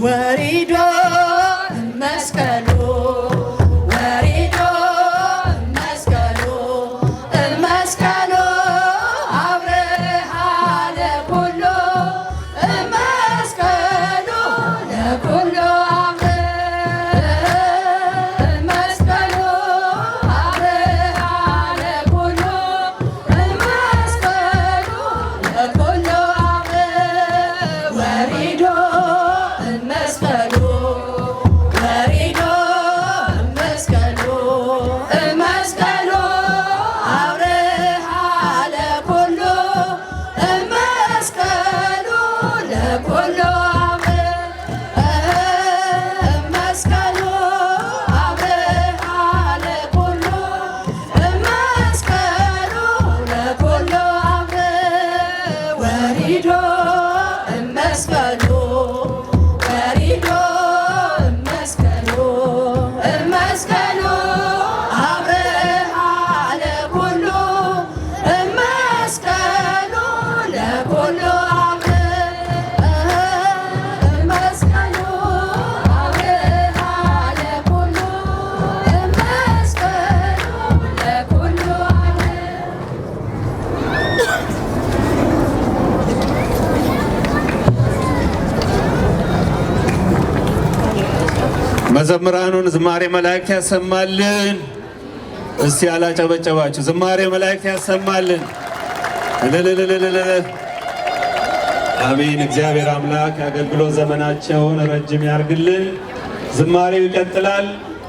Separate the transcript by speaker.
Speaker 1: ወሪዶ መስቀል
Speaker 2: መዘምራኑን ዝማሬ መላእክት ያሰማልን። እስቲ ያላጨበጨባችሁ ዝማሬ መላእክት ያሰማልን። አሜን። እግዚአብሔር አምላክ አገልግሎት ዘመናቸውን ረጅም ያርግልን። ዝማሬው ይቀጥላል።